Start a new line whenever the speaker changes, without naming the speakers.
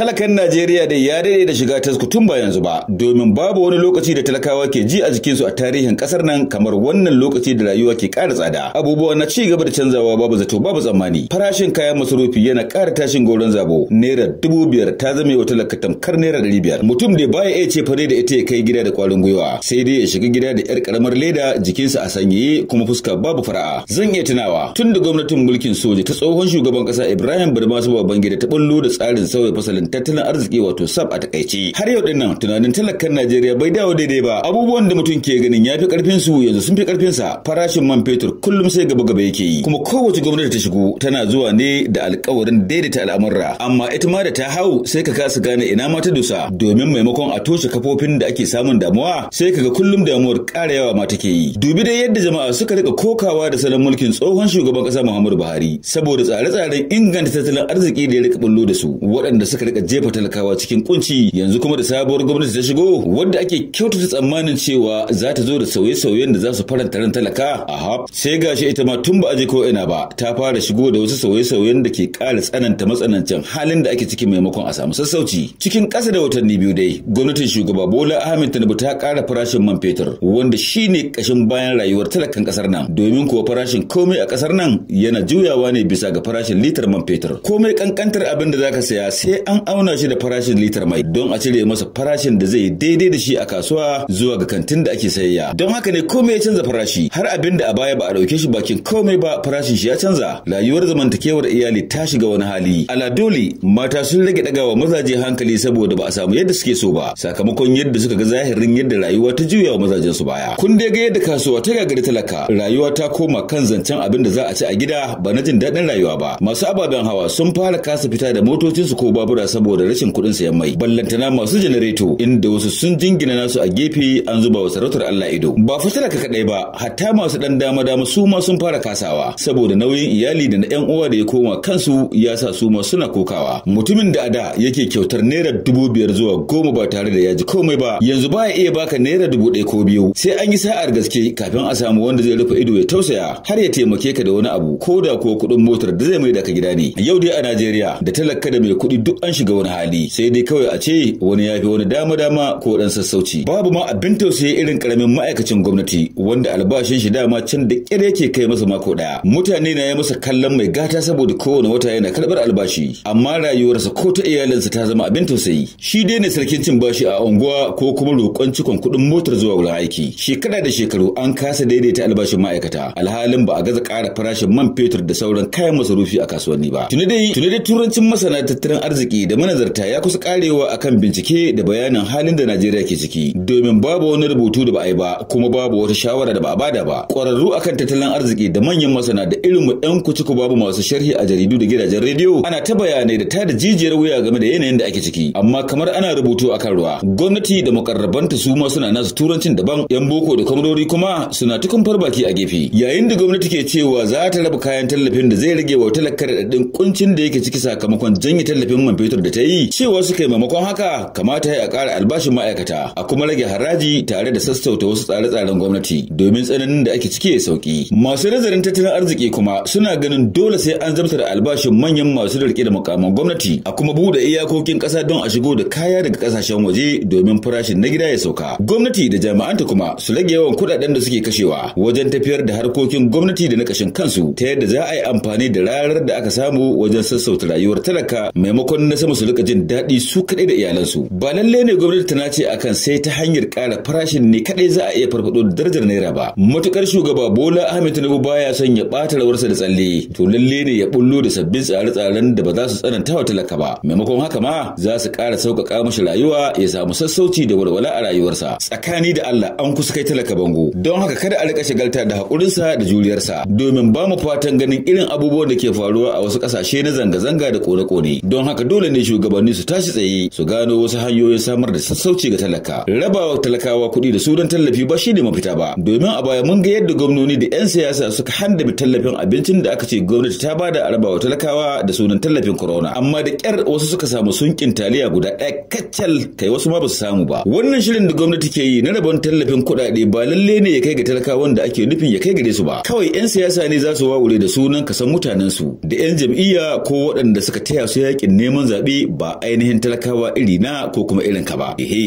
Talakan Najeriya dai ya daɗe da shiga tasku tun ba yanzu ba, domin babu wani lokaci da talakawa ke ji a jikinsu a tarihin ƙasar nan kamar wannan lokaci da rayuwa ke ƙara tsada. Abubuwa na ci gaba da canzawa babu zato babu tsammani. Farashin kayan masarufi yana ƙara tashin goron zabo. Naira dubu biyar ta zama wa talaka tamkar naira ɗari biyar. Mutum da baya iya ce fare da ita ya kai gida da ƙwarin gwiwa, sai dai ya shiga gida da 'yar ƙaramar leda jikinsa a sanyaye kuma fuska babu fara'a. Zan iya tunawa tun da gwamnatin mulkin soja ta tsohon shugaban ƙasa Ibrahim Badmasu Babangida ta ɓullo da tsarin sauya fasalin tattalin arziki wato sab a takaice har yau din nan tunanin talakan Najeriya bai dawo daidai ba abubuwan da mutum ke ganin ya fi karfin su yanzu sun fi karfin sa farashin man fetur kullum sai gaba gaba yake yi kuma kowace gwamnati ta shigo tana zuwa ne da alƙawarin daidaita al'amurra amma ita ma da ta hau sai ka kasa gane ina ma ta dusa domin maimakon a toshe kafofin da ake samun damuwa sai kaga kullum damuwar ƙara yawa ma take yi dubi dai yadda jama'a suka rika kokawa da salon mulkin tsohon shugaban ƙasa Muhammadu Buhari saboda tsare-tsaren inganta tattalin arziki da ya rika bullo da su waɗanda suka rika rika jefa talakawa cikin kunci yanzu kuma da sabuwar gwamnati ta shigo wadda ake kyautata tsammanin cewa za ta zo da sauye-sauyen da za su faranta ran talaka a hap sai gashi ita ma tun ba a je ko ina ba ta fara shigo da wasu sauye-sauyen da ke ƙara tsananta matsanancin halin da ake ciki maimakon a samu sassauci cikin ƙasa da watanni biyu dai gwamnatin shugaba Bola Ahmed Tinubu ta ƙara farashin man fetur wanda shine ƙashin bayan rayuwar talakan ƙasar nan domin kuwa farashin komai a ƙasar nan yana juyawa ne bisa ga farashin litar man fetur komai kankantar abin da zaka saya sai an an auna shi da farashin litar mai don a cire masa farashin da zai daidai da shi a kasuwa zuwa ga kantin da ake sayayya don haka ne komai ya canza farashi har abin da a baya ba a dauke shi bakin komai ba farashin shi ya canza rayuwar zamantakewar iyali ta shiga wani hali ala dole mata sun rage ɗagawa mazaje hankali saboda ba a samu yadda suke so ba sakamakon yadda suka ga zahirin yadda rayuwa ta juya wa mazajen su baya kun dai ga yadda kasuwa ta gagari talaka rayuwa ta koma kan zancen abin da za a ci a gida ba na jin daɗin rayuwa ba masu ababen hawa sun fara kasa fita da motocinsu ko babura saboda rashin kuɗin sayan mai ballantana masu janareto inda wasu sun jingina nasu a gefe an zuba wa sarautar Allah ido ba fa talaka kadai ba hatta masu dan dama dama su ma sun fara kasawa saboda nauyin iyali da na yan uwa da ya koma kansu ya sa su ma suna kokawa mutumin da ada yake kyautar naira dubu biyar zuwa goma ba tare da ya ji komai ba yanzu baya iya baka naira dubu ɗaya ko biyu sai an yi sa'ar gaske kafin a samu wanda zai rufe ido ya tausaya har ya taimake ka da wani abu ko da kuwa kuɗin motar da zai mai da ka gida ne yau dai a Najeriya da talaka da mai kuɗi duk an shiga wani hali sai dai kawai a ce wani ya fi wani dama dama ko dan sassauci babu ma abin tausayi irin karamin ma'aikacin gwamnati wanda albashin shi dama can da kyar yake kai masa mako daya mutane na yi masa kallon mai gata saboda kowane wata yana karbar albashi amma rayuwarsa ko ta iyalinsa ta zama abin tausayi shi dai ne sarkin cin bashi a unguwa ko kuma roƙon cikon kuɗin motar zuwa wurin aiki shekara da shekaru an kasa daidaita albashin ma'aikata alhalin ba a gaza ƙara farashin man fetur da sauran kayan masarufi a kasuwanni ba tuni dai tuni dai turancin masana tattalin arziki da manazarta ya kusa karewa akan bincike da bayanin halin da Najeriya ke ciki domin babu wani rubutu da ba a yi ba kuma babu wata shawara da ba a bada ba ƙwararru akan tattalin arziki da manyan masana da irin mu ɗan ku babu masu sharhi a jaridu da gidajen rediyo ana ta bayanai da tada jijiyar wuya game da yanayin da ake ciki amma kamar ana rubutu akan ruwa gwamnati da mukarrabanta su ma suna nasu turancin daban yan boko da kwamrori kuma suna tukun farbaki a gefe yayin da gwamnati ke cewa za ta raba kayan tallafin da zai rage wa talakar da kuncin da yake ciki sakamakon janye tallafin man fetur Masar da ta yi cewa suka yi maimakon haka kamata ya ƙara albashin ma'aikata a kuma rage haraji tare da sassauta wasu tsare-tsaren gwamnati domin tsananin da ake ciki ya sauki. Masu nazarin tattalin arziki kuma suna ganin dole sai an da albashin manyan masu rike da mukaman gwamnati a kuma buɗe iyakokin ƙasa don a shigo da kaya daga ƙasashen waje domin farashin na gida ya sauka. Gwamnati da jami'anta kuma su rage yawan kuɗaɗen da suke kashewa wajen tafiyar da harkokin gwamnati da na ƙashin kansu ta yadda za a yi amfani da rarar da aka samu wajen sassauta rayuwar talaka maimakon na kuma su rika jin daɗi su kaɗai da iyalansu ba lallai ne gwamnati ta nace akan sai ta hanyar ƙara farashin ne kaɗai za a iya farfaɗo da darajar naira ba matukar shugaba Bola Ahmed Tinubu baya son ya ɓata rawarsa da tsalle to lallai ne ya bullo da sabbin tsare-tsaren da ba za su tsananta wa talaka ba maimakon haka ma za su ƙara sauƙaƙa mashi rayuwa ya samu sassauci da walwala a rayuwarsa tsakani da Allah an kusa kai talaka bango don haka kada a rika shagalta da haƙurinsa da juriyarsa domin ba mu fatan ganin irin abubuwan da ke faruwa a wasu ƙasashe na zanga-zanga da kone-kone don haka dole ne dole shugabanni su tashi tsaye su gano wasu hanyoyin samar da sassauci ga talaka rabawa talakawa kuɗi da sunan tallafi ba ne mafita ba domin a baya mun ga yadda gwamnoni da 'yan siyasa suka handame tallafin abincin da aka ce gwamnati ta bada a rabawa talakawa da sunan tallafin corona amma da ƙyar wasu suka samu sunkin taliya guda ɗaya kacal kai wasu ma ba su samu ba wannan shirin da gwamnati ke yi na rabon tallafin kuɗaɗe ba lalle ne ya kai ga talakawan da ake nufin ya kai gare su ba kawai 'yan siyasa ne za su wawure da sunan kasan mutanen su da 'yan jam'iyya ko waɗanda suka taya su yakin neman zaɓe zaɓi ba ainihin talakawa iri na ko kuma irin ka ba. Ehe.